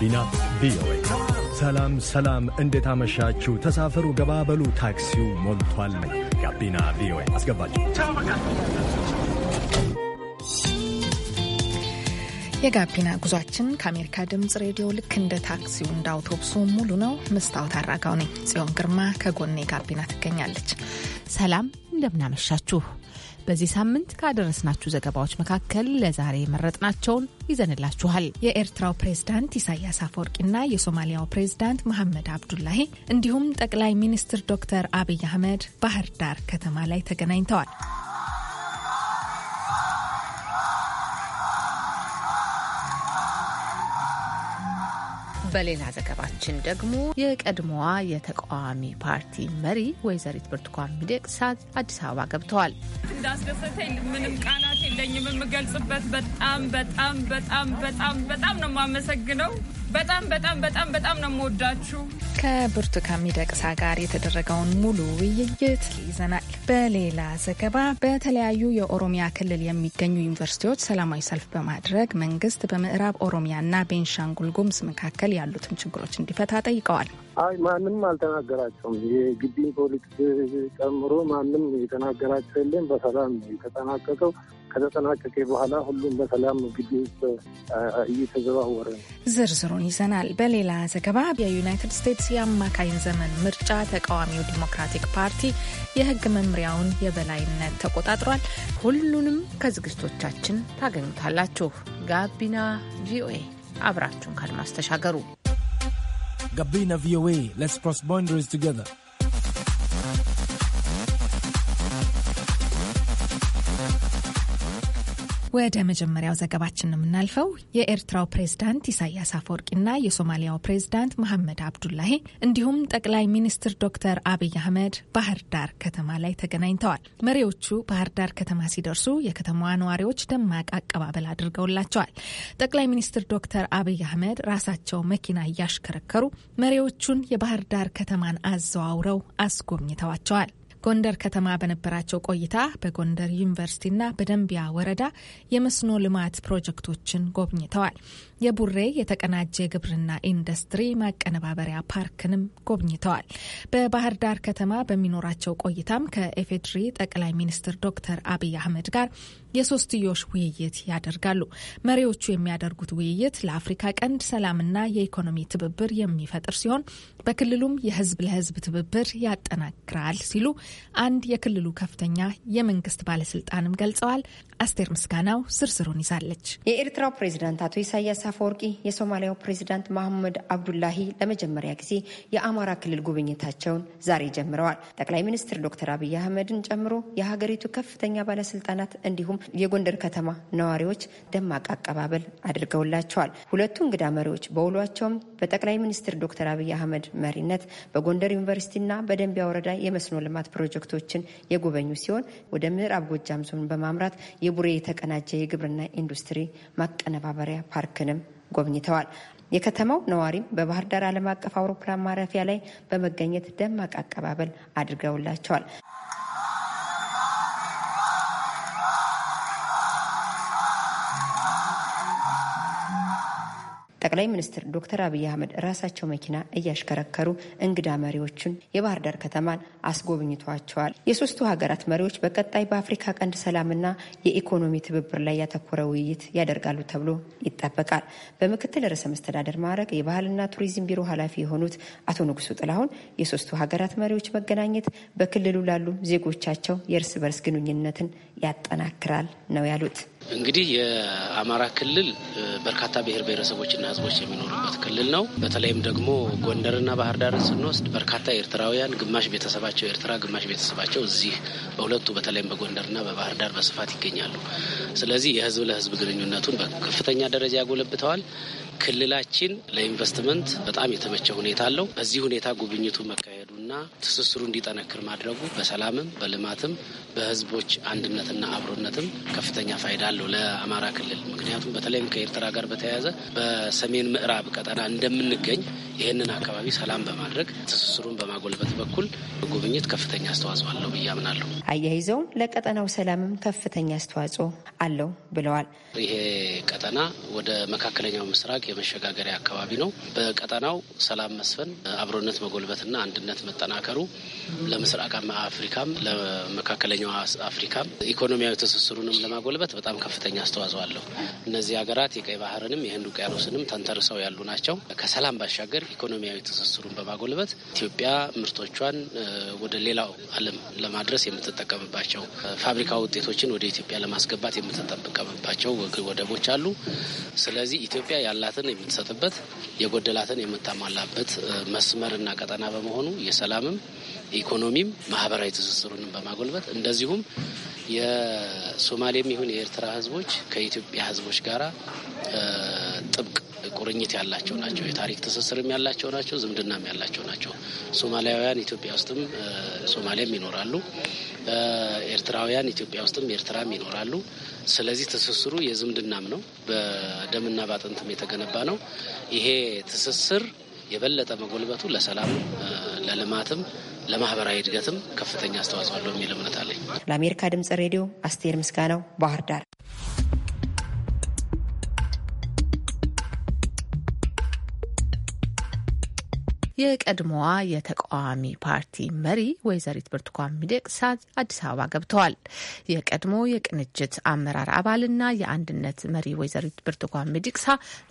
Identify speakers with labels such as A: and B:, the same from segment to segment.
A: ጋቢና ቪኦኤ። ሰላም ሰላም፣ እንዴት አመሻችሁ? ተሳፈሩ፣ ገባበሉ፣
B: ታክሲው ሞልቷል። ጋቢና ቪኦኤ አስገባችሁ።
C: የጋቢና ጉዟችን ከአሜሪካ ድምፅ ሬዲዮ ልክ እንደ ታክሲው እንደ አውቶቡሱ ሙሉ ነው። መስታወት አራጋው ነኝ። ጽዮን ግርማ ከጎኔ ጋቢና
D: ትገኛለች። ሰላም፣ እንደምናመሻችሁ በዚህ ሳምንት ካደረስናችሁ ዘገባዎች መካከል ለዛሬ የመረጥናቸውን ይዘንላችኋል። የኤርትራው ፕሬዝዳንት ኢሳያስ
C: አፈወርቂና የሶማሊያው ፕሬዝዳንት መሐመድ አብዱላሂ እንዲሁም ጠቅላይ ሚኒስትር ዶክተር አብይ አህመድ ባህር ዳር ከተማ ላይ ተገናኝተዋል።
D: በሌላ ዘገባችን ደግሞ የቀድሞዋ የተቃዋሚ ፓርቲ መሪ ወይዘሪት ብርቱካን ሚደቅሳ አዲስ አበባ ገብተዋል።
E: እንዳስደሰተኝ ምንም ቃላት የለኝም የምገልጽበት። በጣም በጣም በጣም በጣም በጣም ነው የማመሰግነው። በጣም በጣም በጣም በጣም ነው የምወዳችሁ።
C: ከብርቱካን ሚደቅሳ ጋር የተደረገውን ሙሉ ውይይት ይዘናል በሌላ ዘገባ በተለያዩ የኦሮሚያ ክልል የሚገኙ ዩኒቨርሲቲዎች ሰላማዊ ሰልፍ በማድረግ መንግስት በምዕራብ ኦሮሚያና ቤንሻንጉል ጉምዝ መካከል ያሉትን ችግሮች እንዲፈታ ጠይቀዋል።
F: አይ ማንም አልተናገራቸውም። የግቢ ፖሊስ ጨምሮ ማንም የተናገራቸው የለም። በሰላም የተጠናቀቀው ከተጠናቀቀ በኋላ ሁሉም በሰላም ግቢ ውስጥ እየተዘዋወረ ነው።
C: ዝርዝሩን ይዘናል። በሌላ ዘገባ የዩናይትድ ስቴትስ የአማካኝ ዘመን ምርጫ ተቃዋሚው ዲሞክራቲክ
D: ፓርቲ የህግ መምሪያውን የበላይነት ተቆጣጥሯል። ሁሉንም ከዝግጅቶቻችን ታገኙታላችሁ። ጋቢና ቪኦኤ አብራችሁን ካድማስ ተሻገሩ። ጋቢና ቪኦኤ ሌትስ ክሮስ ባውንደሪስ ቱጌዘር
C: ወደ መጀመሪያው ዘገባችን የምናልፈው የኤርትራው ፕሬዝዳንት ኢሳያስ አፈወርቂና የሶማሊያው ፕሬዝዳንት መሐመድ አብዱላሂ እንዲሁም ጠቅላይ ሚኒስትር ዶክተር አብይ አህመድ ባህር ዳር ከተማ ላይ ተገናኝተዋል። መሪዎቹ ባህር ዳር ከተማ ሲደርሱ የከተማዋ ነዋሪዎች ደማቅ አቀባበል አድርገውላቸዋል። ጠቅላይ ሚኒስትር ዶክተር አብይ አህመድ ራሳቸው መኪና እያሽከረከሩ መሪዎቹን የባህር ዳር ከተማን አዘዋውረው አስጎብኝተዋቸዋል። ጎንደር ከተማ በነበራቸው ቆይታ በጎንደር ዩኒቨርሲቲና በደንቢያ ወረዳ የመስኖ ልማት ፕሮጀክቶችን ጎብኝተዋል። የቡሬ የተቀናጀ የግብርና ኢንዱስትሪ ማቀነባበሪያ ፓርክንም ጎብኝተዋል። በባህር ዳር ከተማ በሚኖራቸው ቆይታም ከኤፌድሪ ጠቅላይ ሚኒስትር ዶክተር አብይ አህመድ ጋር የሶስትዮሽ ውይይት ያደርጋሉ። መሪዎቹ የሚያደርጉት ውይይት ለአፍሪካ ቀንድ ሰላምና የኢኮኖሚ ትብብር የሚፈጥር ሲሆን በክልሉም የህዝብ ለህዝብ ትብብር ያጠናክራል ሲሉ አንድ የክልሉ ከፍተኛ የመንግስት ባለስልጣንም ገልጸዋል። አስቴር
G: ምስጋናው ዝርዝሩን ይዛለች። የኤርትራው ፕሬዚዳንት አቶ ኢሳያስ አፈወርቂ የሶማሊያው ፕሬዚዳንት መሐመድ አብዱላሂ ለመጀመሪያ ጊዜ የአማራ ክልል ጉብኝታቸውን ዛሬ ጀምረዋል። ጠቅላይ ሚኒስትር ዶክተር አብይ አህመድን ጨምሮ የሀገሪቱ ከፍተኛ ባለስልጣናት እንዲሁም የጎንደር ከተማ ነዋሪዎች ደማቅ አቀባበል አድርገውላቸዋል። ሁለቱ እንግዳ መሪዎች በውሏቸውም በጠቅላይ ሚኒስትር ዶክተር አብይ አህመድ መሪነት በጎንደር ዩኒቨርሲቲና በደንቢያ ወረዳ የመስኖ ልማት ፕሮጀክቶችን የጎበኙ ሲሆን ወደ ምዕራብ ጎጃም ዞን በማምራት የቡሬ የተቀናጀ የግብርና ኢንዱስትሪ ማቀነባበሪያ ፓርክንም ጎብኝተዋል። የከተማው ነዋሪም በባህር ዳር ዓለም አቀፍ አውሮፕላን ማረፊያ ላይ በመገኘት ደማቅ አቀባበል አድርገውላቸዋል። ጠቅላይ ሚኒስትር ዶክተር አብይ አህመድ ራሳቸው መኪና እያሽከረከሩ እንግዳ መሪዎቹን የባህር ዳር ከተማን አስጎብኝቷቸዋል። የሶስቱ ሀገራት መሪዎች በቀጣይ በአፍሪካ ቀንድ ሰላምና የኢኮኖሚ ትብብር ላይ ያተኮረ ውይይት ያደርጋሉ ተብሎ ይጠበቃል። በምክትል ርዕሰ መስተዳደር ማዕረግ የባህልና ቱሪዝም ቢሮ ኃላፊ የሆኑት አቶ ንጉሱ ጥላሁን የሶስቱ ሀገራት መሪዎች መገናኘት በክልሉ ላሉ ዜጎቻቸው የእርስ በርስ ግንኙነትን ያጠናክራል ነው ያሉት።
H: እንግዲህ የአማራ ክልል በርካታ ብሔር ብሔረሰቦችና ህዝቦች የሚኖሩበት ክልል ነው። በተለይም ደግሞ ጎንደርና ባህር ዳርን ስንወስድ በርካታ ኤርትራውያን፣ ግማሽ ቤተሰባቸው ኤርትራ፣ ግማሽ ቤተሰባቸው እዚህ በሁለቱ በተለይም በጎንደርና በባህር ዳር በስፋት ይገኛሉ። ስለዚህ የህዝብ ለህዝብ ግንኙነቱን በከፍተኛ ደረጃ ያጎለብተዋል። ክልላችን ለኢንቨስትመንት በጣም የተመቸ ሁኔታ አለው። በዚህ ሁኔታ ጉብኝቱ መካሄዱ እና ትስስሩ እንዲጠነክር ማድረጉ በሰላምም በልማትም በህዝቦች አንድነትና አብሮነትም ከፍተኛ ፋይዳ አለው ለአማራ ክልል። ምክንያቱም በተለይም ከኤርትራ ጋር በተያያዘ በሰሜን ምዕራብ ቀጠና እንደምንገኝ ይህንን አካባቢ ሰላም በማድረግ ትስስሩን በማጎልበት በኩል ጉብኝት ከፍተኛ አስተዋጽኦ አለው ብዬ አምናለሁ።
G: አያይዘውም ለቀጠናው ሰላምም ከፍተኛ አስተዋጽኦ አለው ብለዋል።
H: ይሄ ቀጠና ወደ መካከለኛው ምስራቅ የመሸጋገሪያ አካባቢ ነው። በቀጠናው ሰላም መስፈን አብሮነት መጎልበትና አንድነት ማጠናከሩ ለምስራቅ አፍሪካም ለመካከለኛው አፍሪካም ኢኮኖሚያዊ ትስስሩንም ለማጎልበት በጣም ከፍተኛ አስተዋጽኦ አለው። እነዚህ ሀገራት የቀይ ባህርንም የህንድ ውቅያኖስንም ተንተርሰው ያሉ ናቸው። ከሰላም ባሻገር ኢኮኖሚያዊ ትስስሩን በማጎልበት ኢትዮጵያ ምርቶቿን ወደ ሌላው ዓለም ለማድረስ የምትጠቀምባቸው ፋብሪካ ውጤቶችን ወደ ኢትዮጵያ ለማስገባት የምትጠቀምባቸው ወደቦች አሉ። ስለዚህ ኢትዮጵያ ያላትን የምትሰጥበት የጎደላትን የምታሟላበት መስመርና ቀጠና በመሆኑ ሰላምም፣ ኢኮኖሚም፣ ማህበራዊ ትስስሩንም በማጎልበት እንደዚሁም የሶማሌም ይሁን የኤርትራ ህዝቦች ከኢትዮጵያ ህዝቦች ጋር ጥብቅ ቁርኝት ያላቸው ናቸው። የታሪክ ትስስርም ያላቸው ናቸው። ዝምድናም ያላቸው ናቸው። ሶማሊያውያን ኢትዮጵያ ውስጥም ሶማሊያም ይኖራሉ። ኤርትራውያን ኢትዮጵያ ውስጥም ኤርትራም ይኖራሉ። ስለዚህ ትስስሩ የዝምድናም ነው። በደምና በአጥንትም የተገነባ ነው። ይሄ ትስስር የበለጠ መጎልበቱ ለሰላም ለልማትም ለማህበራዊ እድገትም ከፍተኛ አስተዋጽኦ አለው የሚል እምነት አለኝ።
G: ለአሜሪካ ድምጽ ሬዲዮ አስቴር ምስጋናው ባህር ዳር
D: የቀድሞዋ የተቃዋሚ ፓርቲ መሪ ወይዘሪት ብርቱካን ሚደቅሳ አዲስ አበባ ገብተዋል። የቀድሞ የቅንጅት አመራር አባልና የአንድነት መሪ ወይዘሪት ብርቱካን ሚደቅሳ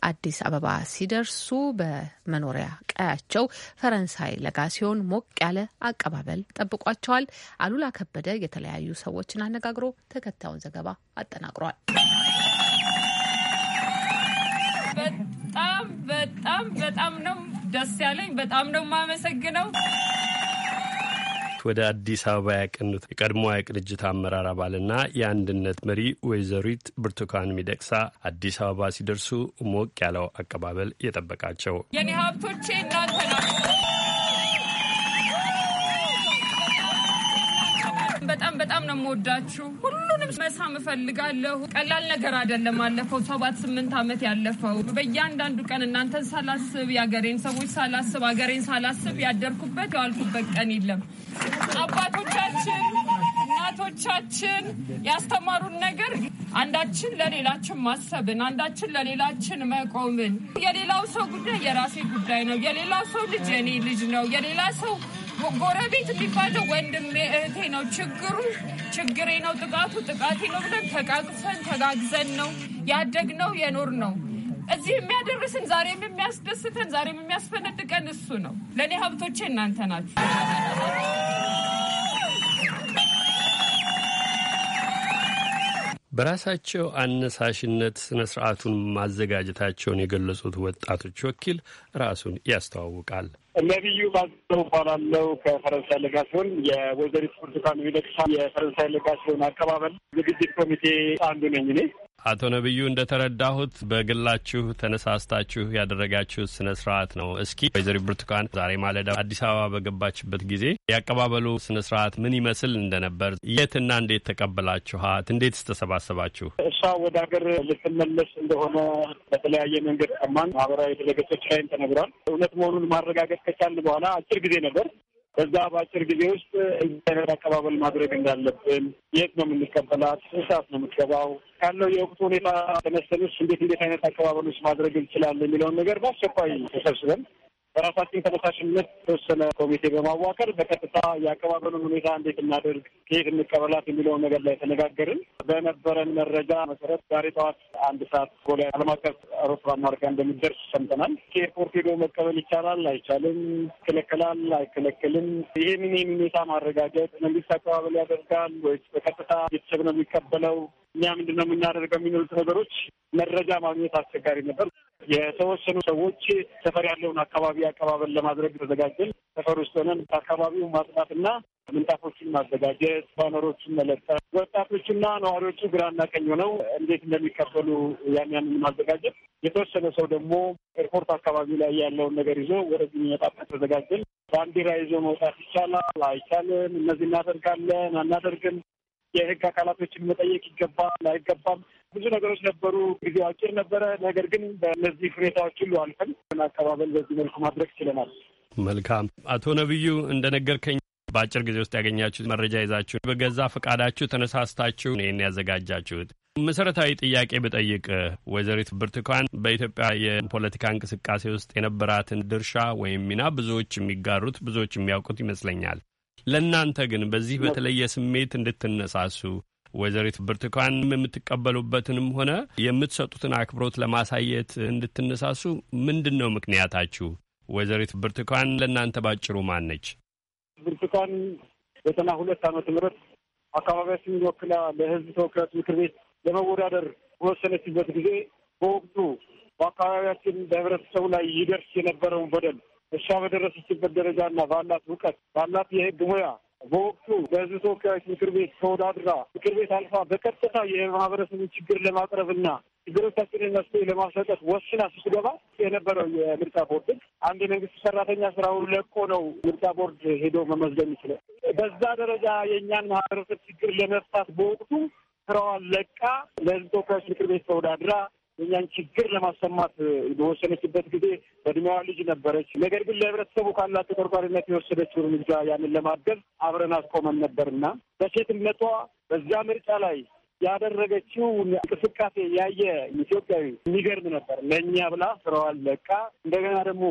D: አዲስ አበባ ሲደርሱ በመኖሪያ ቀያቸው ፈረንሳይ ለጋ ሲሆን ሞቅ ያለ አቀባበል ጠብቋቸዋል። አሉላ ከበደ የተለያዩ ሰዎችን አነጋግሮ ተከታዩን ዘገባ አጠናቅሯል።
E: በጣም በጣም በጣም ነው ደስ ያለኝ። በጣም ነው የማመሰግነው።
I: ወደ አዲስ አበባ ያቀኑት የቀድሞ የቅንጅት አመራር አባልና የአንድነት መሪ ወይዘሪት ብርቱካን ሚደቅሳ አዲስ አበባ ሲደርሱ ሞቅ ያለው አቀባበል የጠበቃቸው
E: የኔ ሀብቶቼ እናንተ ናቸው። በጣም በጣም ነው የምወዳችሁ። ሁሉንም መሳም እፈልጋለሁ። ቀላል ነገር አይደለም። አለፈው ሰባት ስምንት ዓመት ያለፈው በእያንዳንዱ ቀን እናንተን ሳላስብ፣ የአገሬን ሰዎች ሳላስብ፣ አገሬን ሳላስብ ያደርኩበት ያልኩበት ቀን የለም። አባቶቻችን እናቶቻችን ያስተማሩን ነገር አንዳችን ለሌላችን ማሰብን፣ አንዳችን ለሌላችን መቆምን፣ የሌላው ሰው ጉዳይ የራሴ ጉዳይ ነው፣ የሌላው ሰው ልጅ የኔ ልጅ ነው፣ የሌላ ሰው ጎረቤት የሚባለው ወንድሜ እህቴ ነው። ችግሩ ችግሬ ነው፣ ጥቃቱ ጥቃቴ ነው ብለን ተቃቅፈን ተጋግዘን ነው ነው የኖር ነው። እዚህ የሚያደርስን ዛሬም የሚያስደስተን ዛሬም የሚያስፈነድቀን እሱ ነው። ለእኔ ሀብቶቼ እናንተ ናችሁ።
I: በራሳቸው አነሳሽነት ስነ ስርዓቱን ማዘጋጀታቸውን የገለጹት ወጣቶች ወኪል ራሱን ያስተዋውቃል።
J: ነቢዩ ባዘው እባላለሁ ከፈረንሳይ ለጋሲዮን የወይዘሪት ብርቱካን ሚደቅሳ የፈረንሳይ ለጋሲዮን አቀባበል ዝግጅት ኮሚቴ አንዱ ነኝ እኔ
I: አቶ ነቢዩ እንደተረዳሁት በግላችሁ ተነሳስታችሁ ያደረጋችሁት ስነ ስርዓት ነው። እስኪ ወይዘሪት ብርቱካን ዛሬ ማለዳ አዲስ አበባ በገባችበት ጊዜ ያቀባበሉ ስነ ስርዓት ምን ይመስል እንደነበር፣ የትና እንዴት ተቀበላችኋት? እንዴትስ ተሰባሰባችሁ? እሷ
J: ወደ ሀገር ልትመለስ እንደሆነ በተለያየ መንገድ ቀማን ማህበራዊ ድረገጾች ላይም ተነግሯል። እውነት መሆኑን ማረጋገጥ ከቻልን በኋላ አጭር ጊዜ ነበር በዛ በአጭር ጊዜ ውስጥ እግዚአብሔር አቀባበል ማድረግ እንዳለብን፣ የት ነው የምንቀበላት፣ እሳት ነው የምትገባው፣ ካለው የወቅቱ ሁኔታ ተነስተን እንዴት እንዴት አይነት አቀባበሎች ማድረግ እንችላለን የሚለውን ነገር በአስቸኳይ ተሰብስበን በራሳችን ተነሳሽነት የተወሰነ ኮሚቴ በማዋቀር በቀጥታ የአቀባበሉን ሁኔታ እንዴት እናደርግ፣ ከየት እንቀበላት የሚለውን ነገር ላይ ተነጋገርን። በነበረን መረጃ መሰረት ዛሬ ጠዋት አንድ ሰዓት ጎላ ዓለም አቀፍ አውሮፕላን ማረፊያ እንደሚደርስ ሰምተናል። ከኤርፖርት ሄዶ መቀበል ይቻላል አይቻልም፣ ይከለከላል አይከለከልም፣ ይህንን ሁኔታ ማረጋገጥ መንግስት አቀባበል ያደርጋል ወይስ በቀጥታ ቤተሰብ ነው የሚቀበለው እኛ ምንድነው የምናደርገው የሚኖሩት ነገሮች መረጃ ማግኘት አስቸጋሪ ነበር። የተወሰኑ ሰዎች ሰፈር ያለውን አካባቢ አቀባበል ለማድረግ ተዘጋጀን። ሰፈር ውስጥ ሆነን አካባቢውን ማጽዳትና ምንጣፎችን ማዘጋጀት፣ ባነሮችን መለጠፍ፣ ወጣቶችና ነዋሪዎቹ ግራና ቀኝ ሆነው እንዴት እንደሚቀበሉ ያን ያንን ማዘጋጀት፣ የተወሰነ ሰው ደግሞ ኤርፖርት አካባቢ ላይ ያለውን ነገር ይዞ ወደዚህ የሚመጣበት ተዘጋጀን። ባንዲራ ይዞ መውጣት ይቻላል አይቻልም፣ እነዚህ እናደርጋለን አናደርግም የህግ አካላቶችን መጠየቅ ይገባል አይገባም፣ ብዙ ነገሮች ነበሩ። ጊዜው አጭር ነበረ። ነገር ግን በእነዚህ ሁኔታዎች ሁሉ አልፈን አቀባበል በዚህ መልኩ ማድረግ ችለናል።
I: መልካም አቶ ነቢዩ እንደነገርከኝ በአጭር ጊዜ ውስጥ ያገኛችሁት መረጃ ይዛችሁ በገዛ ፈቃዳችሁ ተነሳስታችሁ ይህን ያዘጋጃችሁት። መሰረታዊ ጥያቄ ብጠይቅ ወይዘሪት ብርቱካን በኢትዮጵያ የፖለቲካ እንቅስቃሴ ውስጥ የነበራትን ድርሻ ወይም ሚና ብዙዎች የሚጋሩት ብዙዎች የሚያውቁት ይመስለኛል። ለእናንተ ግን በዚህ በተለየ ስሜት እንድትነሳሱ ወይዘሪት ብርቱካን የምትቀበሉበትንም ሆነ የምትሰጡትን አክብሮት ለማሳየት እንድትነሳሱ ምንድን ነው ምክንያታችሁ? ወይዘሪት ብርቱካን ለእናንተ ባጭሩ ማን ነች?
J: ብርቱካን ዘጠና ሁለት ዓመተ ምህረት አካባቢያችን ወክላ ለህዝብ ተወካዮች ምክር ቤት ለመወዳደር በወሰነችበት ጊዜ በወቅቱ በአካባቢያችን በህብረተሰቡ ላይ ይደርስ የነበረውን በደል እሷ በደረሰችበት ደረጃና ባላት እውቀት ባላት የህግ ሙያ በወቅቱ በህዝብ ተወካዮች ምክር ቤት ተወዳድራ ምክር ቤት አልፋ በቀጥታ የማህበረሰቡን ችግር ለማቅረብና ችግሮቻችንን መፍትሄ ለማሰጠት ወስና ስትገባ የነበረው የምርጫ ቦርድ አንድ የመንግስት ሰራተኛ ስራውን ለቆ ነው ምርጫ ቦርድ ሄዶ መመዝገብ ይችላል። በዛ ደረጃ የእኛን ማህበረሰብ ችግር ለመፍታት በወቅቱ ስራዋን ለቃ ለህዝብ ተወካዮች ምክር ቤት ተወዳድራ የእኛን ችግር ለማሰማት በወሰነችበት ጊዜ በእድሜዋ ልጅ ነበረች። ነገር ግን ለህብረተሰቡ ካላት ተቆርቋሪነት የወሰደችው እርምጃ ያንን ለማገዝ አብረን አስቆመን ነበርና በሴትነቷ በዚያ ምርጫ ላይ ያደረገችው እንቅስቃሴ ያየ ኢትዮጵያዊ የሚገርም ነበር። ለእኛ ብላ ስራዋን ለቃ እንደገና ደግሞ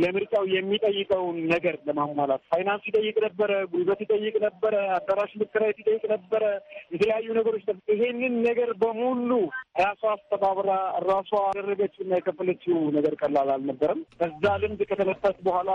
J: ለምርጫው የሚጠይቀውን ነገር ለማሟላት ፋይናንስ ይጠይቅ ነበረ፣ ጉልበት ይጠይቅ ነበረ፣ አዳራሽ መከራየት ይጠይቅ ነበረ፣ የተለያዩ ነገሮች ይሄንን ነገር በሙሉ ራሷ አስተባብራ ራሷ ያደረገችው እና የከፈለችው ነገር ቀላል አልነበረም። በዛ ልምድ ከተነሳች በኋላ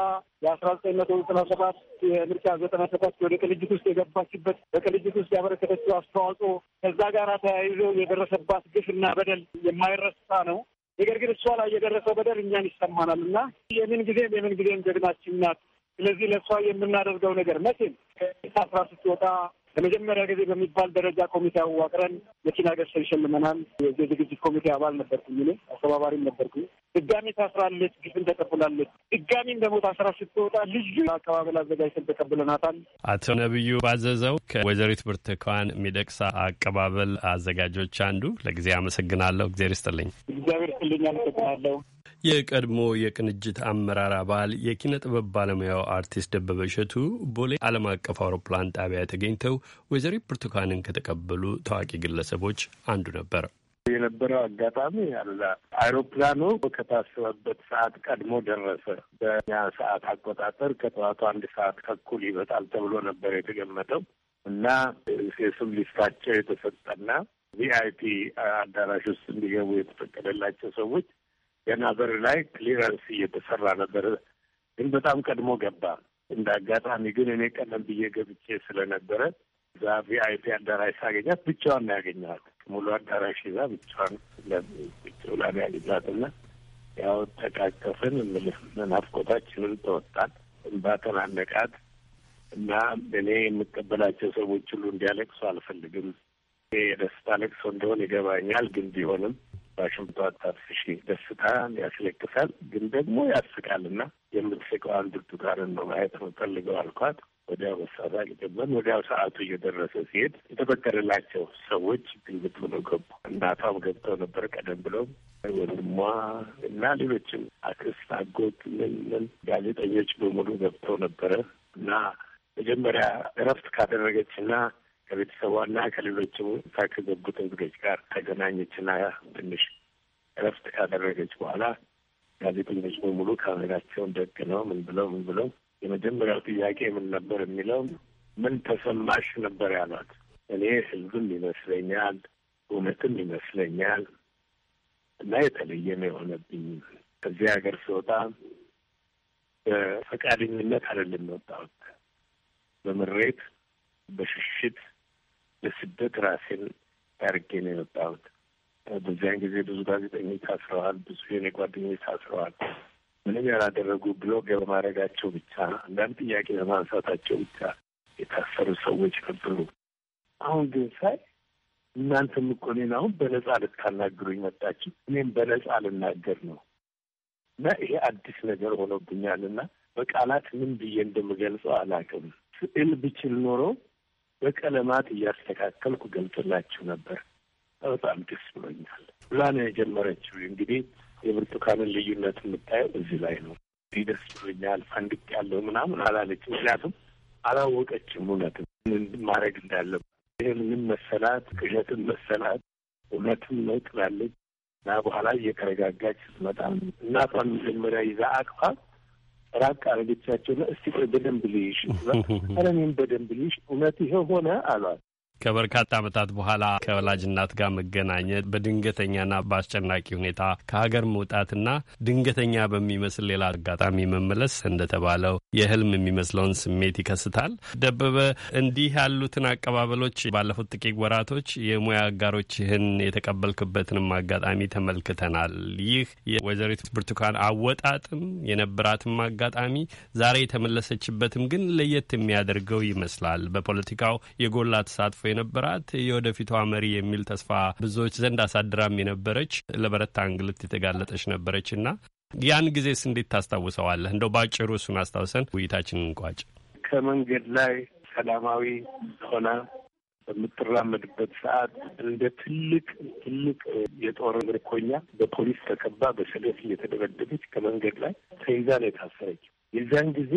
J: የአስራ ዘጠኝ መቶ ዘጠና ሰባት የምርጫ ዘጠና ሰባት ወደ ቅልጅት ውስጥ የገባችበት በቅልጅት ውስጥ ያበረከተችው አስተዋጽኦ ከዛ ጋር ተያይዞ የደረሰባት ግፍና በደል የማይረሳ ነው። ነገር ግን እሷ ላይ የደረሰው በደል እኛን ይሰማናል እና የምን ጊዜም የምን ጊዜም ጀግናችን ናት። ስለዚህ ለእሷ የምናደርገው ነገር መቼም ከአስራ ስትወጣ ለመጀመሪያ ጊዜ በሚባል ደረጃ ኮሚቴ አዋቅረን መኪና ገዝተን ሸልመናል። የዝግጅት ኮሚቴ አባል ነበርኩኝ እኔ አስተባባሪም ነበርኩኝ። ድጋሚ ታስራለች፣ ግፍን ተቀብላለች። ድጋሚም ደግሞ ታስራ ስትወጣ ልዩ አቀባበል አዘጋጅተን ተቀብለናታል።
I: አቶ ነብዩ ባዘዘው ከወይዘሪት ብርቱካን ሚደቅሳ አቀባበል አዘጋጆች አንዱ፣ ለጊዜ አመሰግናለሁ። እግዜር ይስጥልኝ። እግዚአብሔር ይስጥልኝ። አመሰግናለሁ። የቀድሞ የቅንጅት አመራር አባል የኪነ ጥበብ ባለሙያው አርቲስት ደበበ እሸቱ ቦሌ ዓለም አቀፍ አውሮፕላን ጣቢያ ተገኝተው ወይዘሪ ብርቱካንን ከተቀበሉ ታዋቂ ግለሰቦች አንዱ ነበር።
B: የነበረው አጋጣሚ አለ። አይሮፕላኑ ከታሰበበት ሰዓት ቀድሞ ደረሰ። በኛ ሰዓት አቆጣጠር ከጠዋቱ አንድ ሰዓት ተኩል ይመጣል ተብሎ ነበር የተገመተው እና የስም ሊስታቸው የተሰጠና ቪአይፒ አዳራሽ ውስጥ እንዲገቡ የተፈቀደላቸው ሰዎች ገና በር ላይ ክሊረንስ እየተሰራ ነበር፣ ግን በጣም ቀድሞ ገባ። እንደ አጋጣሚ ግን እኔ ቀደም ብዬ ገብቼ ስለነበረ እዛ ቪአይፒ አዳራሽ ሳገኛት ብቻዋን ያገኘዋል። ሙሉ አዳራሽ ይዛ ብቻዋን ያገኛት ያገኛትና ያው ተቃቀፍን። እምልህ ናፍቆታችንን ተወጣን። እንባ ተናነቃት እና እኔ የምቀበላቸው ሰዎች ሁሉ እንዲያለቅሱ አልፈልግም። የደስታ ለቅሶ እንደሆን ይገባኛል፣ ግን ቢሆንም ባሽም አጣጥፍሽ ደስታን ያስለቅሳል፣ ግን ደግሞ ያስቃልና የምትስቀው አንድ ብርቱካንን ነው ማየት ነው ፈልገው አልኳት። ወዲያው መሳሳ ጀመር። ወዲያው ሰዓቱ እየደረሰ ሲሄድ የተበቀለላቸው ሰዎች ግንብት ብለው ገቡ። እናቷም ገብተው ነበር ቀደም ብለው ወንድሟ እና ሌሎችም አክስት፣ አጎት፣ ምን ጋዜጠኞች በሙሉ ገብተው ነበረ እና መጀመሪያ እረፍት ካደረገች እና ከቤተሰቧና ከሌሎችም ከገቡት እንግዶች ጋር ተገናኘችና ትንሽ እረፍት ካደረገች በኋላ ጋዜጠኞች በሙሉ ካሜራቸውን ደቅ ነው ምን ብለው ምን ብለው የመጀመሪያው ጥያቄ ምን ነበር የሚለው ምን ተሰማሽ ነበር ያሏት። እኔ ህዝብም ይመስለኛል እውነትም ይመስለኛል እና የተለየ ነው የሆነብኝ። ከዚህ ሀገር ስወጣ በፈቃደኝነት አይደለም የወጣሁት፣ በምሬት በሽሽት ለስደት ራሴን ያርጌ ነው የወጣሁት። በዚያን ጊዜ ብዙ ጋዜጠኞች ታስረዋል፣ ብዙ የኔ ጓደኞች ታስረዋል። ምንም ያላደረጉ ብሎግ በማድረጋቸው ብቻ፣ አንዳንድ ጥያቄ በማንሳታቸው ብቻ የታሰሩ ሰዎች ነበሩ። አሁን ግን ሳይ እናንተም እኮ እኔን አሁን በነጻ ልታናግሩኝ መጣችሁ፣ እኔም በነጻ ልናገር ነው እና ይሄ አዲስ ነገር ሆኖብኛል እና በቃላት ምን ብዬ እንደምገልጸው አላውቅም። ስዕል ብችል ኖሮ በቀለማት እያስተካከልኩ ገልጽላችሁ ነበር። በጣም ደስ ብሎኛል ብላ ነው የጀመረችው። እንግዲህ የብርቱካንን ልዩነት የምታየው እዚህ ላይ ነው። ደስ ብሎኛል ፈንድቅ ያለው ምናምን አላለች። ምክንያቱም አላወቀችም እውነት ማድረግ እንዳለባት። ይህ ምንም መሰላት ቅዠትም መሰላት እውነትም ነው ትላለች እና በኋላ እየተረጋጋች ስትመጣ እናቷን መጀመሪያ ይዛ አቅፋ ራቅ አረገቻቸውና እስቲ ቆይ በደንብ ልይሽ፣ እኔም በደንብ ልይሽ እውነት ይሄ ሆነ አሏት።
I: ከበርካታ ዓመታት በኋላ ከወላጅ እናት ጋር መገናኘት በድንገተኛና በአስጨናቂ ሁኔታ ከሀገር መውጣትና ድንገተኛ በሚመስል ሌላ አጋጣሚ መመለስ እንደተባለው የህልም የሚመስለውን ስሜት ይከስታል። ደበበ፣ እንዲህ ያሉትን አቀባበሎች ባለፉት ጥቂት ወራቶች የሙያ አጋሮችህን የተቀበልክበትንም አጋጣሚ ተመልክተናል። ይህ የወይዘሪት ብርቱካን አወጣጥም የነበራትም አጋጣሚ ዛሬ የተመለሰችበትም ግን ለየት የሚያደርገው ይመስላል። በፖለቲካው የጎላ ተሳትፎ የነበራት የወደፊቷ መሪ የሚል ተስፋ ብዙዎች ዘንድ አሳድራም የነበረች ለበረታ እንግልት የተጋለጠች ነበረች እና ያን ጊዜስ እንዴት ታስታውሰዋለህ? እንደው በአጭሩ እሱን አስታውሰን ውይይታችንን እንቋጭ።
B: ከመንገድ ላይ ሰላማዊ ሆና በምትራመድበት ሰዓት እንደ ትልቅ ትልቅ የጦር ምርኮኛ በፖሊስ ተከባ በሰልፍ እየተደበደበች ከመንገድ ላይ ተይዛ ነው የታሰረች። የዚያን ጊዜ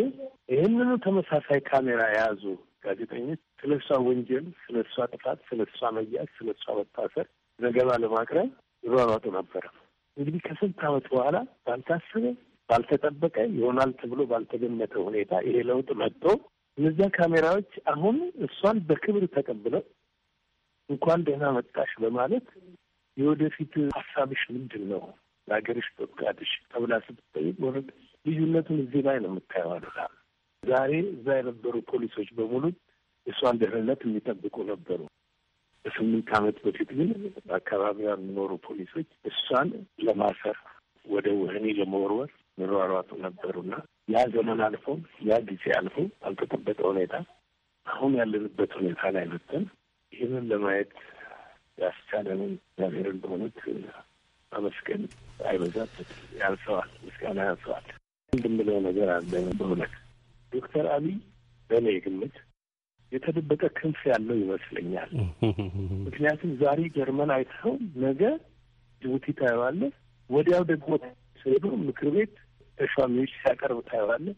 B: ይህንኑ ተመሳሳይ ካሜራ የያዙ ጋዜጠኞች ስለ እሷ ወንጀል፣ ስለ እሷ ጥፋት፣ ስለ እሷ መያዝ፣ ስለ እሷ መታሰር ዘገባ ለማቅረብ ይሯሯጡ ነበረ። እንግዲህ ከስንት ዓመት በኋላ ባልታሰበ ባልተጠበቀ ይሆናል ተብሎ ባልተገመተ ሁኔታ ይሄ ለውጥ መጥቶ እነዚያ ካሜራዎች አሁን እሷን በክብር ተቀብለው እንኳን ደህና መጣሽ በማለት የወደፊት ሀሳብሽ ምንድን ነው ለሀገርሽ በብቃትሽ ተብላ ስትጠይቅ ወረድ ልዩነቱን እዚህ ላይ ነው የምታየዋሉላል ዛሬ እዛ የነበሩ ፖሊሶች በሙሉ እሷን ደህንነት የሚጠብቁ ነበሩ። ከስምንት ዓመት በፊት ግን በአካባቢዋ የሚኖሩ ፖሊሶች እሷን ለማሰር ወደ ወህኒ ለመወርወር ምሯሯጡ ነበሩና ያ ዘመን አልፎ ያ ጊዜ አልፎ ባልተጠበቀ ሁኔታ አሁን ያለንበት ሁኔታ ላይ መጥተን ይህንን ለማየት ያስቻለንን እግዚአብሔር እንደሆኑት አመስገን አይበዛበት፣ ያንሰዋል፣ ምስጋና ያንሰዋል። እንድምለው ነገር አለ በእውነት ዶክተር አብይ በእኔ ግምት የተደበቀ ክንፍ ያለው ይመስለኛል። ምክንያቱም ዛሬ ጀርመን አይተኸው ነገ ጅቡቲ ታየዋለህ፣ ወዲያው ደግሞ ሄዶ ምክር ቤት ተሿሚዎች ሲያቀርብ ታየዋለህ።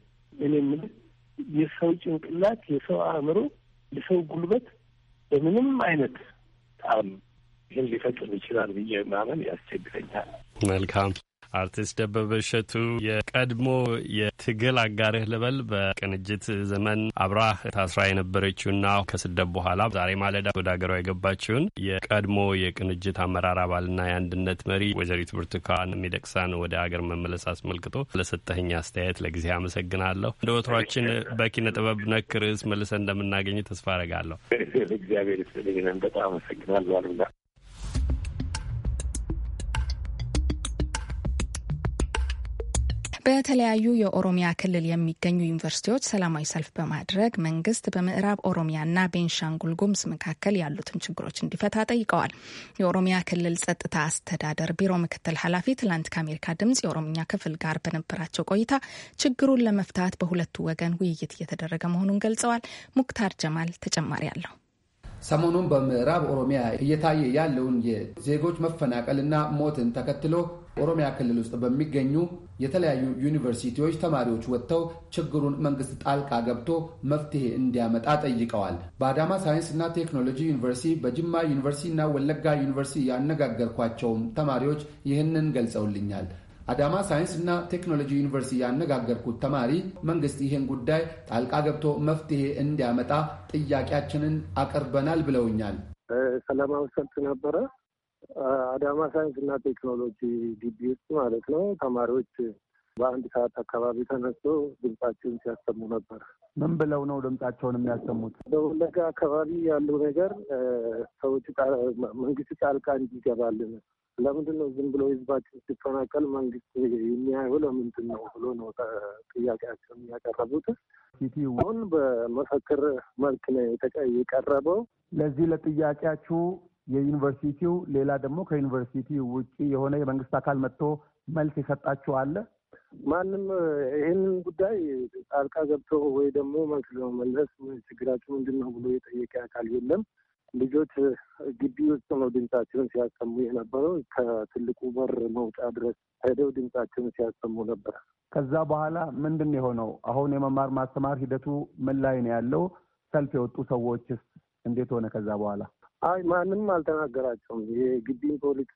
B: እኔ ምን የሰው ጭንቅላት፣ የሰው አእምሮ፣ የሰው ጉልበት በምንም አይነት ጣም ይህን ሊፈጽም ይችላል ብዬ ማመን ያስቸግረኛል።
I: መልካም አርቲስት ደበበ እሸቱ የቀድሞ የትግል አጋርህ ልበል በቅንጅት ዘመን አብራህ ታስራ የነበረችውና ከስደት በኋላ ዛሬ ማለዳ ወደ ሀገሯ የገባችውን የቀድሞ የቅንጅት አመራር አባልና የአንድነት መሪ ወይዘሪት ብርቱካን ሚደቅሳን ወደ ሀገር መመለስ አስመልክቶ ለሰጠኸኝ አስተያየት ለጊዜ አመሰግናለሁ። እንደ ወትሯችን በኪነ ጥበብ ነክ ርዕስ መልሰን እንደምናገኝ ተስፋ አረጋለሁ።
B: እግዚአብሔር ይስጥልኝ። በጣም አመሰግናለሁ አሉላ።
C: በተለያዩ የኦሮሚያ ክልል የሚገኙ ዩኒቨርሲቲዎች ሰላማዊ ሰልፍ በማድረግ መንግስት በምዕራብ ኦሮሚያና ቤንሻንጉል ጉምዝ መካከል ያሉትን ችግሮች እንዲፈታ ጠይቀዋል። የኦሮሚያ ክልል ጸጥታ አስተዳደር ቢሮ ምክትል ኃላፊ ትላንት ከአሜሪካ ድምጽ የኦሮምኛ ክፍል ጋር በነበራቸው ቆይታ ችግሩን ለመፍታት በሁለቱ ወገን ውይይት እየተደረገ መሆኑን ገልጸዋል። ሙክታር ጀማል ተጨማሪ አለው።
K: ሰሞኑን በምዕራብ ኦሮሚያ እየታየ ያለውን የዜጎች መፈናቀልና ሞትን ተከትሎ ኦሮሚያ ክልል ውስጥ በሚገኙ የተለያዩ ዩኒቨርሲቲዎች ተማሪዎች ወጥተው ችግሩን መንግስት ጣልቃ ገብቶ መፍትሄ እንዲያመጣ ጠይቀዋል። በአዳማ ሳይንስና ቴክኖሎጂ ዩኒቨርሲቲ፣ በጅማ እና ወለጋ ዩኒቨርሲቲ ያነጋገርኳቸውም ተማሪዎች ይህንን ገልጸውልኛል። አዳማ እና ቴክኖሎጂ ዩኒቨርሲቲ ያነጋገርኩት ተማሪ መንግስት ይህን ጉዳይ ጣልቃ ገብቶ መፍትሄ እንዲያመጣ ጥያቄያችንን አቅርበናል ብለውኛል።
F: ሰላማዊ ሰልፍ ነበረ። አዳማ እና ቴክኖሎጂ ግቢ ውስጥ ማለት ነው ተማሪዎች በአንድ ሰዓት አካባቢ ተነስቶ ድምጻቸውን ሲያሰሙ ነበር። ምን ብለው ነው ድምጻቸውን የሚያሰሙት? በወለጋ አካባቢ ያለው ነገር ሰዎች መንግስት ጣልቃ እንዲገባልን ለምንድን ነው ዝም ብሎ ህዝባችን ሲፈናቀል መንግስት የሚያየው ለምንድን ነው ብሎ ነው ጥያቄያቸውን ያቀረቡት። አሁን በመፈክር መልክ ነው የቀረበው። ለዚህ ለጥያቄያችሁ የዩኒቨርሲቲው ሌላ ደግሞ ከዩኒቨርሲቲ ውጭ የሆነ የመንግስት አካል መጥቶ መልስ የሰጣችሁ አለ? ማንም ይህንን ጉዳይ ጣልቃ ገብቶ ወይ ደግሞ መልስ ለመመለስ ችግራችሁ ምንድን ነው ብሎ የጠየቀ አካል የለም። ልጆች ግቢ ውስጥ ነው ድምጻቸውን ሲያሰሙ የነበረው። ከትልቁ በር መውጫ ድረስ ሄደው ድምጻቸውን ሲያሰሙ ነበር። ከዛ በኋላ ምንድን የሆነው? አሁን የመማር ማስተማር ሂደቱ ምን ላይ ነው ያለው? ሰልፍ የወጡ ሰዎችስ እንዴት ሆነ? ከዛ በኋላ አይ ማንም አልተናገራቸውም። የግቢን ፖሊስ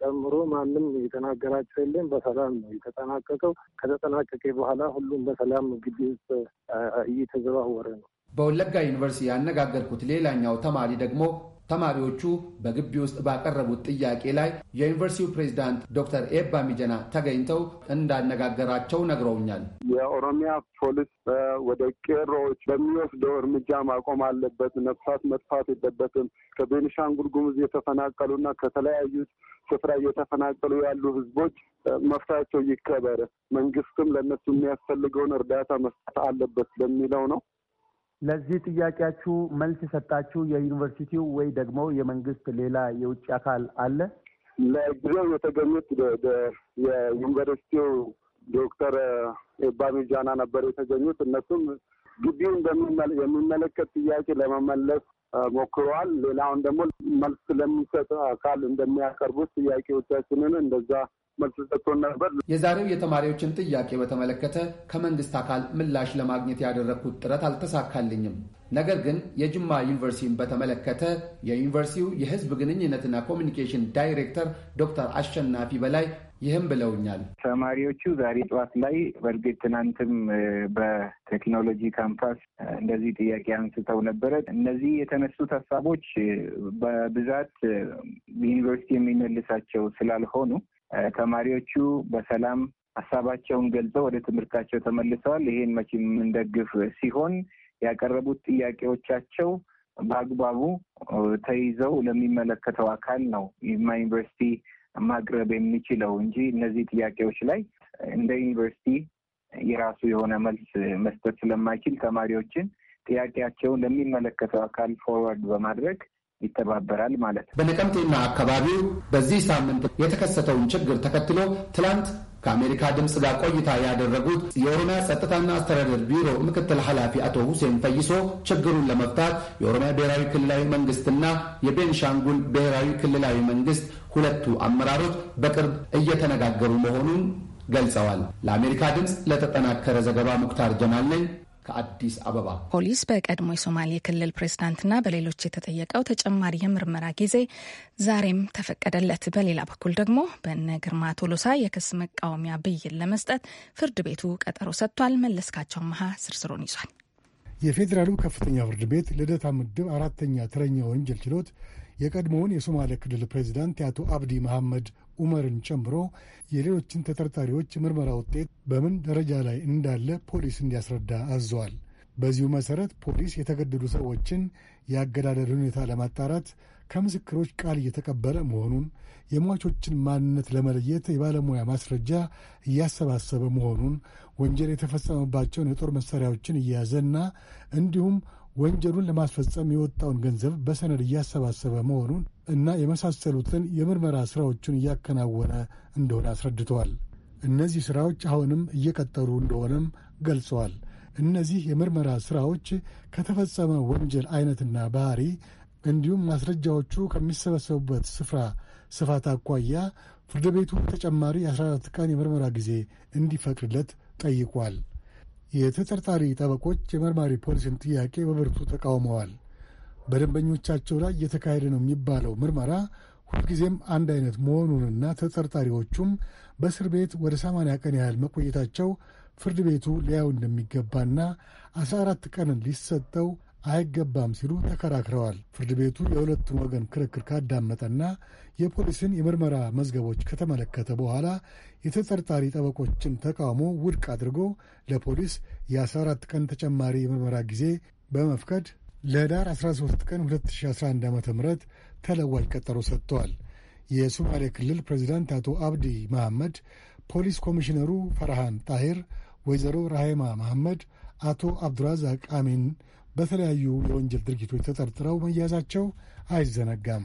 F: ጨምሮ ማንም የተናገራቸው የለም። በሰላም ነው የተጠናቀቀው። ከተጠናቀቀ በኋላ ሁሉም በሰላም ግቢ ውስጥ እየተዘዋወረ ነው።
K: በወለጋ ዩኒቨርሲቲ ያነጋገርኩት ሌላኛው ተማሪ ደግሞ ተማሪዎቹ በግቢ ውስጥ ባቀረቡት ጥያቄ ላይ የዩኒቨርሲቲው ፕሬዚዳንት ዶክተር ኤባ ሚጀና ተገኝተው እንዳነጋገራቸው ነግረውኛል።
F: የኦሮሚያ ፖሊስ ወደ ቄሮዎች በሚወስደው እርምጃ ማቆም አለበት፣ ነፍሳት መጥፋት የለበትም። ከቤኒሻንጉል ጉሙዝ የተፈናቀሉና ከተለያዩ ስፍራ እየተፈናቀሉ ያሉ ህዝቦች መፍታቸው ይከበር፣ መንግስትም ለእነሱ የሚያስፈልገውን እርዳታ መስጠት አለበት በሚለው ነው ለዚህ ጥያቄያችሁ መልስ የሰጣችሁ የዩኒቨርሲቲው ወይ ደግሞ የመንግስት ሌላ የውጭ አካል አለ? ለጊዜው የተገኙት የዩኒቨርሲቲው ዶክተር ኤባሚ ጃና ነበር የተገኙት። እነሱም ግቢውን የሚመለከት ጥያቄ ለመመለስ ሞክረዋል። ሌላውን ደግሞ መልስ ለሚሰጥ አካል እንደሚያቀርቡት ጥያቄዎቻችንን እንደዛ መልስ ሰጥቶን ነበር።
K: የዛሬው የተማሪዎችን ጥያቄ በተመለከተ ከመንግስት አካል ምላሽ ለማግኘት ያደረግኩት ጥረት አልተሳካልኝም። ነገር ግን የጅማ ዩኒቨርሲቲን በተመለከተ የዩኒቨርሲቲው የህዝብ ግንኙነትና ኮሚኒኬሽን ዳይሬክተር ዶክተር አሸናፊ በላይ ይህም ብለውኛል። ተማሪዎቹ ዛሬ ጠዋት ላይ በእርግጥ
J: ትናንትም በቴክኖሎጂ ካምፓስ እንደዚህ ጥያቄ አንስተው ነበረ። እነዚህ የተነሱት ሀሳቦች በብዛት ዩኒቨርሲቲ የሚመልሳቸው ስላልሆኑ ተማሪዎቹ በሰላም ሀሳባቸውን ገልጸው ወደ ትምህርታቸው ተመልሰዋል። ይሄን መቼም የምንደግፍ ሲሆን ያቀረቡት ጥያቄዎቻቸው በአግባቡ ተይዘው ለሚመለከተው አካል ነው ይማ ዩኒቨርሲቲ ማቅረብ የሚችለው እንጂ እነዚህ ጥያቄዎች ላይ እንደ ዩኒቨርሲቲ የራሱ የሆነ መልስ መስጠት ስለማይችል ተማሪዎችን ጥያቄያቸውን ለሚመለከተው አካል ፎርዋርድ በማድረግ ይተባበራል ማለት ነው።
K: በነቀምቴና አካባቢው በዚህ ሳምንት የተከሰተውን ችግር ተከትሎ ትላንት ከአሜሪካ ድምፅ ጋር ቆይታ ያደረጉት የኦሮሚያ ጸጥታና አስተዳደር ቢሮ ምክትል ኃላፊ አቶ ሁሴን ፈይሶ ችግሩን ለመፍታት የኦሮሚያ ብሔራዊ ክልላዊ መንግስትና የቤንሻንጉል ብሔራዊ ክልላዊ መንግስት ሁለቱ አመራሮች በቅርብ እየተነጋገሩ መሆኑን ገልጸዋል። ለአሜሪካ ድምፅ ለተጠናከረ ዘገባ ሙክታር ጀማል ነኝ ከአዲስ አበባ
C: ፖሊስ በቀድሞ የሶማሌ ክልል ፕሬዝዳንትና በሌሎች የተጠየቀው ተጨማሪ የምርመራ ጊዜ ዛሬም ተፈቀደለት። በሌላ በኩል ደግሞ በነ ግርማ ቶሎሳ የክስ መቃወሚያ ብይን ለመስጠት ፍርድ ቤቱ ቀጠሮ ሰጥቷል። መለስካቸው መሀ ስርስሩን ይዟል።
A: የፌዴራሉ ከፍተኛ ፍርድ ቤት ልደታ ምድብ አራተኛ ተረኛ ወንጀል ችሎት የቀድሞውን የሶማሌ ክልል ፕሬዚዳንት የአቶ አብዲ መሐመድ ኡመርን ጨምሮ የሌሎችን ተጠርጣሪዎች ምርመራ ውጤት በምን ደረጃ ላይ እንዳለ ፖሊስ እንዲያስረዳ አዘዋል። በዚሁ መሰረት ፖሊስ የተገደዱ ሰዎችን የአገዳደል ሁኔታ ለማጣራት ከምስክሮች ቃል እየተቀበለ መሆኑን፣ የሟቾችን ማንነት ለመለየት የባለሙያ ማስረጃ እያሰባሰበ መሆኑን፣ ወንጀል የተፈጸመባቸውን የጦር መሳሪያዎችን እየያዘና እንዲሁም ወንጀሉን ለማስፈጸም የወጣውን ገንዘብ በሰነድ እያሰባሰበ መሆኑን እና የመሳሰሉትን የምርመራ ሥራዎቹን እያከናወነ እንደሆነ አስረድተዋል። እነዚህ ሥራዎች አሁንም እየቀጠሉ እንደሆነም ገልጸዋል። እነዚህ የምርመራ ሥራዎች ከተፈጸመ ወንጀል ዐይነትና ባሕሪ እንዲሁም ማስረጃዎቹ ከሚሰበሰቡበት ስፍራ ስፋት አኳያ ፍርድ ቤቱ ተጨማሪ 14 ቀን የምርመራ ጊዜ እንዲፈቅድለት ጠይቋል። የተጠርጣሪ ጠበቆች የመርማሪ ፖሊስን ጥያቄ በብርቱ ተቃውመዋል። በደንበኞቻቸው ላይ እየተካሄደ ነው የሚባለው ምርመራ ሁልጊዜም አንድ አይነት መሆኑንና ተጠርጣሪዎቹም በእስር ቤት ወደ ሰማንያ ቀን ያህል መቆየታቸው ፍርድ ቤቱ ሊያዩ እንደሚገባና አስራ አራት ቀንን ሊሰጠው አይገባም ሲሉ ተከራክረዋል። ፍርድ ቤቱ የሁለቱን ወገን ክርክር ካዳመጠና የፖሊስን የምርመራ መዝገቦች ከተመለከተ በኋላ የተጠርጣሪ ጠበቆችን ተቃውሞ ውድቅ አድርጎ ለፖሊስ የ14 ቀን ተጨማሪ የምርመራ ጊዜ በመፍቀድ ለህዳር 13 ቀን 2011 ዓ ም ተለዋጭ ቀጠሮ ሰጥተዋል። የሶማሌ ክልል ፕሬዚዳንት አቶ አብዲ መሐመድ፣ ፖሊስ ኮሚሽነሩ ፈርሃን ጣሂር፣ ወይዘሮ ራሃይማ መሐመድ፣ አቶ አብዱራዛቅ አሚን በተለያዩ የወንጀል ድርጊቶች ተጠርጥረው መያዛቸው አይዘነጋም።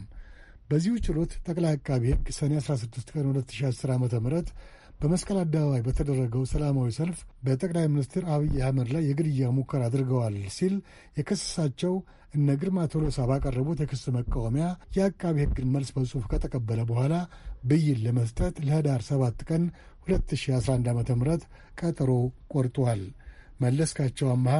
A: በዚሁ ችሎት ጠቅላይ አቃቢ ሕግ ሰኔ 16 ቀን 2010 ዓ ም በመስቀል አደባባይ በተደረገው ሰላማዊ ሰልፍ በጠቅላይ ሚኒስትር አብይ አህመድ ላይ የግድያ ሙከራ አድርገዋል ሲል የከሰሳቸው እነ ግርማ ቶሎሳ ባቀረቡት የክስ መቃወሚያ የአቃቢ ሕግን መልስ በጽሑፍ ከተቀበለ በኋላ ብይን ለመስጠት ለህዳር 7 ቀን 2011 ዓ ም ቀጠሮ ቆርጧል። መለስካቸው አመሃ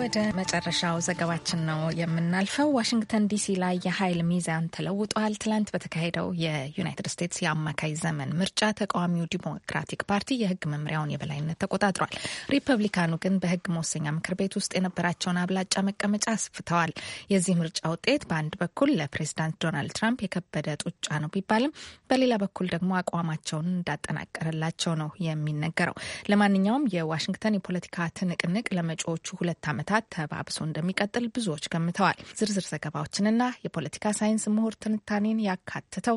C: ወደ መጨረሻው ዘገባችን ነው የምናልፈው። ዋሽንግተን ዲሲ ላይ የኃይል ሚዛን ተለውጧል። ትላንት በተካሄደው የዩናይትድ ስቴትስ የአማካይ ዘመን ምርጫ ተቃዋሚው ዲሞክራቲክ ፓርቲ የህግ መምሪያውን የበላይነት ተቆጣጥሯል። ሪፐብሊካኑ ግን በህግ መወሰኛ ምክር ቤት ውስጥ የነበራቸውን አብላጫ መቀመጫ አስፍተዋል። የዚህ ምርጫ ውጤት በአንድ በኩል ለፕሬዚዳንት ዶናልድ ትራምፕ የከበደ ጡጫ ነው ቢባልም በሌላ በኩል ደግሞ አቋማቸውን እንዳጠናቀረላቸው ነው የሚነገረው። ለማንኛውም የዋሽንግተን የፖለቲካ ትንቅንቅ ለመጪዎቹ ሁለት ዓመት ዓመታት ተባብሶ እንደሚቀጥል ብዙዎች ገምተዋል። ዝርዝር ዘገባዎችንና የፖለቲካ ሳይንስ ምሁር ትንታኔን ያካትተው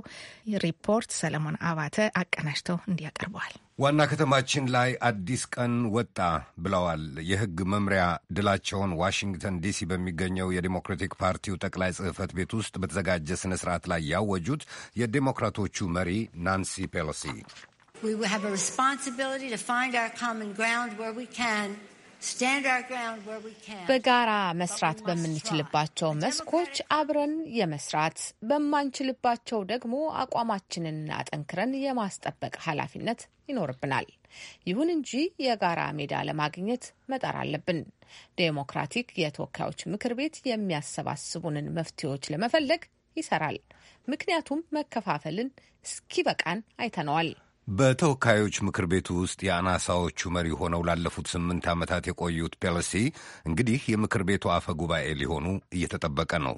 C: ሪፖርት ሰለሞን አባተ አቀናጅተው እንዲያቀርበዋል።
L: ዋና ከተማችን ላይ አዲስ ቀን ወጣ ብለዋል የሕግ መምሪያ ድላቸውን ዋሽንግተን ዲሲ በሚገኘው የዴሞክራቲክ ፓርቲው ጠቅላይ ጽሕፈት ቤት ውስጥ በተዘጋጀ ስነ ስርዓት ላይ ያወጁት የዴሞክራቶቹ መሪ ናንሲ ፔሎሲ
D: በጋራ መስራት በምንችልባቸው መስኮች አብረን የመስራት በማንችልባቸው ደግሞ አቋማችንን አጠንክረን የማስጠበቅ ኃላፊነት ይኖርብናል። ይሁን እንጂ የጋራ ሜዳ ለማግኘት መጣር አለብን። ዴሞክራቲክ የተወካዮች ምክር ቤት የሚያሰባስቡንን መፍትሄዎች ለመፈለግ ይሰራል። ምክንያቱም መከፋፈልን እስኪበቃን አይተነዋል።
L: በተወካዮች ምክር ቤቱ ውስጥ የአናሳዎቹ መሪ ሆነው ላለፉት ስምንት ዓመታት የቆዩት ፔሎሲ እንግዲህ የምክር ቤቱ አፈ ጉባኤ ሊሆኑ እየተጠበቀ ነው።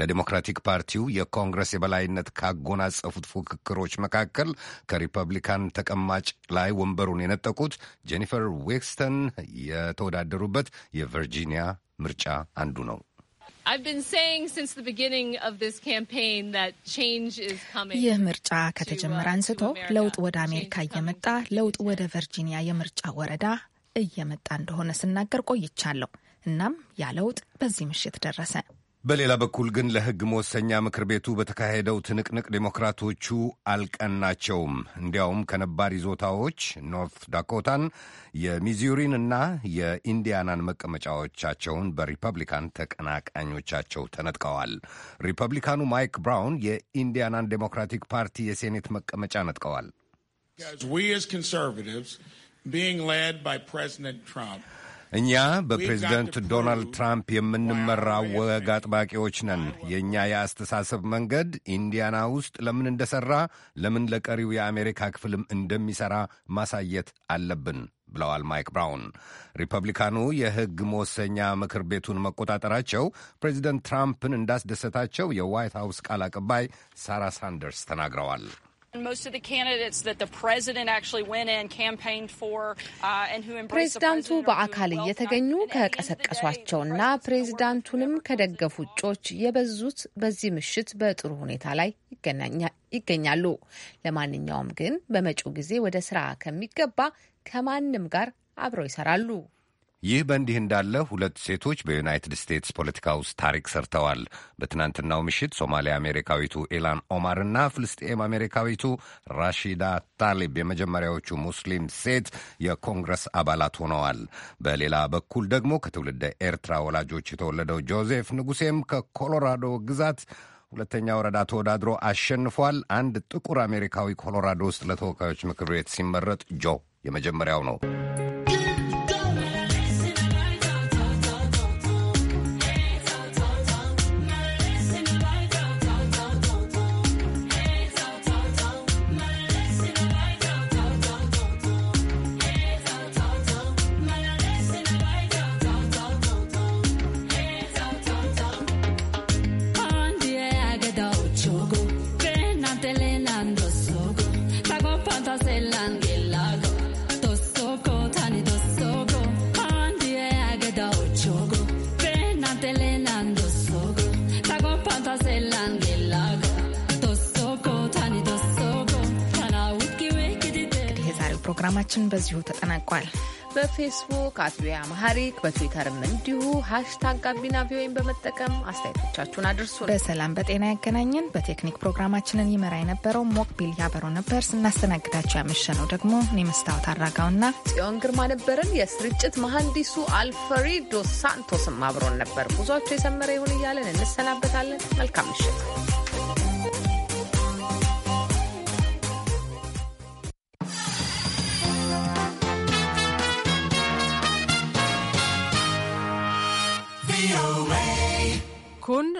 L: ለዲሞክራቲክ ፓርቲው የኮንግረስ የበላይነት ካጎናጸፉት ፉክክሮች መካከል ከሪፐብሊካን ተቀማጭ ላይ ወንበሩን የነጠቁት ጄኒፈር ዌክስተን የተወዳደሩበት የቨርጂኒያ ምርጫ አንዱ ነው።
E: ይህ ምርጫ ከተጀመረ
C: uh, አንስቶ ለውጥ ወደ አሜሪካ እየመጣ ለውጥ ወደ ቨርጂኒያ የምርጫ ወረዳ እየመጣ እንደሆነ ስናገር ቆይቻለሁ። እናም ያ ለውጥ በዚህ ምሽት ደረሰ።
L: በሌላ በኩል ግን ለሕግ መወሰኛ ምክር ቤቱ በተካሄደው ትንቅንቅ ዴሞክራቶቹ አልቀናቸውም። እንዲያውም ከነባር ይዞታዎች ኖርት ዳኮታን፣ የሚዙሪን እና የኢንዲያናን መቀመጫዎቻቸውን በሪፐብሊካን ተቀናቃኞቻቸው ተነጥቀዋል። ሪፐብሊካኑ ማይክ ብራውን የኢንዲያናን ዴሞክራቲክ ፓርቲ የሴኔት መቀመጫ ነጥቀዋል። እኛ በፕሬዝደንት ዶናልድ ትራምፕ የምንመራው ወግ አጥባቂዎች ነን። የእኛ የአስተሳሰብ መንገድ ኢንዲያና ውስጥ ለምን እንደሠራ፣ ለምን ለቀሪው የአሜሪካ ክፍልም እንደሚሠራ ማሳየት አለብን ብለዋል ማይክ ብራውን። ሪፐብሊካኑ የሕግ መወሰኛ ምክር ቤቱን መቆጣጠራቸው ፕሬዚደንት ትራምፕን እንዳስደሰታቸው የዋይት ሀውስ ቃል አቀባይ ሳራ ሳንደርስ ተናግረዋል።
K: Uh,
E: ፕሬዚዳንቱ
D: በአካል እየተገኙ ከቀሰቀሷቸውና ፕሬዚዳንቱንም ከደገፉ እጩዎች የበዙት በዚህ ምሽት በጥሩ ሁኔታ ላይ ይገኛሉ። ለማንኛውም ግን በመጪው ጊዜ ወደ ስራ ከሚገባ ከማንም ጋር አብረው ይሰራሉ።
L: ይህ በእንዲህ እንዳለ ሁለት ሴቶች በዩናይትድ ስቴትስ ፖለቲካ ውስጥ ታሪክ ሰርተዋል። በትናንትናው ምሽት ሶማሌ አሜሪካዊቱ ኢላን እና ፍልስጤም አሜሪካዊቱ ራሺዳ ታሊብ የመጀመሪያዎቹ ሙስሊም ሴት የኮንግረስ አባላት ሆነዋል። በሌላ በኩል ደግሞ ከትውልደ ኤርትራ ወላጆች የተወለደው ጆዜፍ ንጉሴም ከኮሎራዶ ግዛት ሁለተኛ ወረዳ ተወዳድሮ አሸንፏል። አንድ ጥቁር አሜሪካዊ ኮሎራዶ ውስጥ ለተወካዮች ምክር ቤት ሲመረጥ ጆ የመጀመሪያው ነው።
C: ፕሮግራማችን በዚሁ ተጠናቋል።
D: በፌስቡክ አትቪ አማሐሪክ በትዊተርም እንዲሁ ሀሽታግ ጋቢና ቪኦኤን በመጠቀም አስተያየቶቻችሁን አድርሱ። በሰላም
C: በጤና ያገናኘን። በቴክኒክ ፕሮግራማችንን ይመራ የነበረው ሞቅ ቢል ያበሮ ነበር። ስናስተናግዳቸው ያመሸነው ደግሞ እኔ መስታወት አራጋውና
D: ጽዮን ግርማ ነበርን። የስርጭት መሐንዲሱ አልፈሬዶ ሳንቶስም አብሮን ነበር። ጉዟቸው የሰመረ ይሁን እያለን እንሰናበታለን። መልካም ምሽት።
H: con